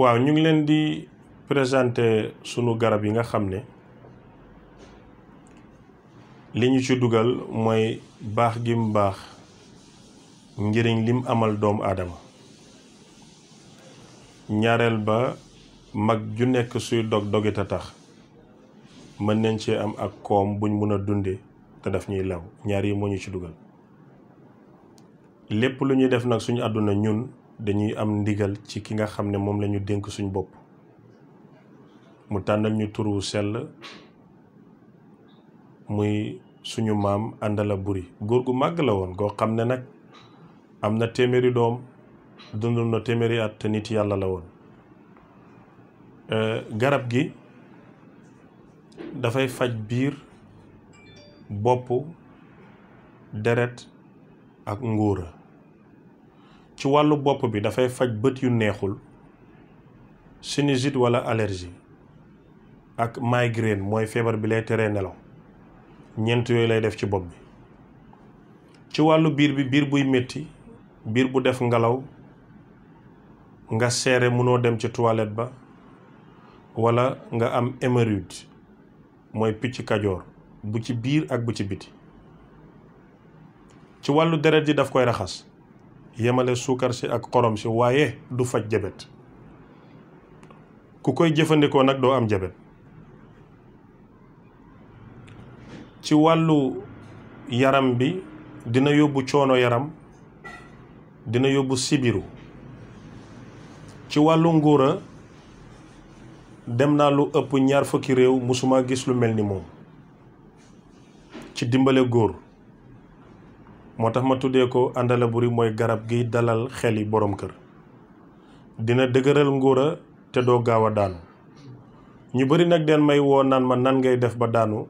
waaw ñu ngi leen di présenter sunu garab yi nga xam ne li ñu ci dugal mooy baax gi mu baax njëriñ lim amal doomu aadama ñaareel ba mag ju nekk suy dog dogit a tax mën nañ cee am ak koom buñ mun a dunde te daf ñuy law ñaar yi moo ñu ci dugal lépp lu ñuy def nag suñu àdduna ñun dañuy am ndigal ci ki nga xam ne moom lañu dénk suñu bopp mu tànnal ñu turu sell muy suñu maam àndala buri góor gu màgg la woon goo xam ne nag am na téeméeri doom dundul na téeméeri at te nit yàlla la woon garab gi dafay faj biir bopp deret ak nguura ci wàllu bopp bi dafay faj bët yu neexul sinusite wala allergie ak migraine mooy feebar bi lay tere nelaw ñeent yooyu lay def ci bopp bi ci wàllu biir bi biir buy metti biir bu def ngelaw nga seere mënoo dem ci toilette ba wala nga am hémorroïde mooy picc kajoor bu ci biir ak bu ci biti ci wàllu deret ji daf koy raxas yemale suukar si ak xorom si waaye du faj jabet ku koy jëfandikoo nag doo am jabet ci wàllu yaram bi dina yóbbu coono yaram dina yóbbu sibiru ci wàllu nguura dem naa lu ëpp ñaar fukki réew musuma gis lu mel ni moom ci dimbale góor moo tax ma tuddee ko àndala buri mooy garab gi dalal xel yi boroom kër dina dëgëral ngóora te doo gaaw a daanu ñu bari nag den may woo naan ma nan ngay def ba daanu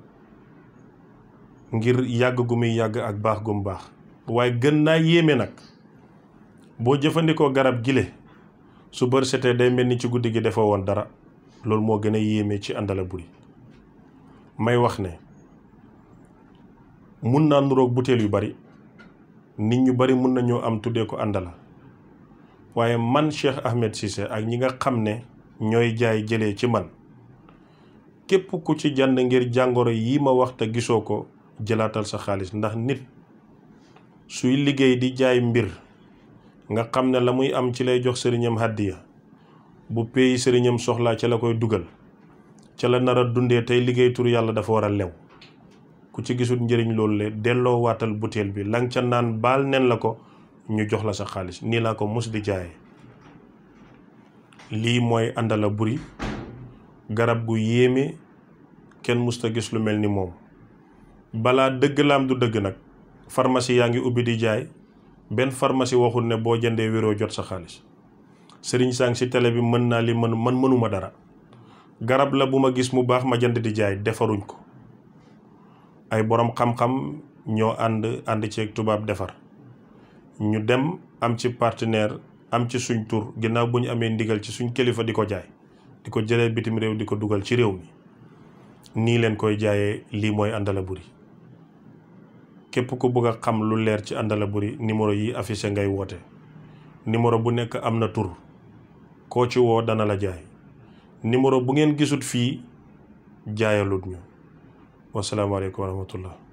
ngir yàgg gu muy yàgg ak baax gu mu baax waaye gën naa yéeme nag boo jëfandikoo garab gile su bër setee day mel ni ci guddi gi defoo woon dara loolu moo gën a yéeme ci àndala buri may wax ne mun naa nuroog butéel yu bari nit ñu bari mën nañoo am tuddee ko àndala waaye man Cheikh Ahmed Cissé ak ñi nga xam ne ñooy jaay jëlee ci man képp ku ci jànd ngir jàngoro yi ma wax te gisoo ko jëlaatal sa xaalis ndax nit suy liggéey di jaay mbir nga xam ne la muy am ci lay jox sëriñam hàddiya bu pays sëriñam soxlaa ca la koy dugal ca la nar dundee tey liggéey tur yàlla dafa war a lew ku ci gisul njëriñ loolu le delloo waatal butéel bi la ca naan baal nen la ko ñu jox la sa xaalis nii laa ko mus di jaayee lii mooy àndala buri garab gu yéeme kenn musta gis lu mel ni moom balaa dëgg laam du dëgg nag pharmacie yaa ngi ubbi di jaay benn farmasi waxul ne boo jëndee wéroo jot sa xaalis sëriñ sang ci télé bi mën naa li mën man mënuma dara garab la bu ma gis mu baax ma jënd di jaay defaruñ ko ay borom xam-xam ñoo ànd ànd ceeg tubaab defar ñu dem am ci partenaire am ci suñ tur ginnaaw bu ñu amee ndigal ci suñ kilifa di ko jaay di ko jëlee bitim réew di ko dugal ci réew mi nii leen koy jaayee lii mooy buri képp ku bëgg a xam lu leer ci Andalaburi numéro yi affiché ngay woote numéro bu nekk am na tur koo ci woo dana la jaay numéro bu ngeen gisut fii jaayalut ñu wasalaamaaleykum wa rahmatullah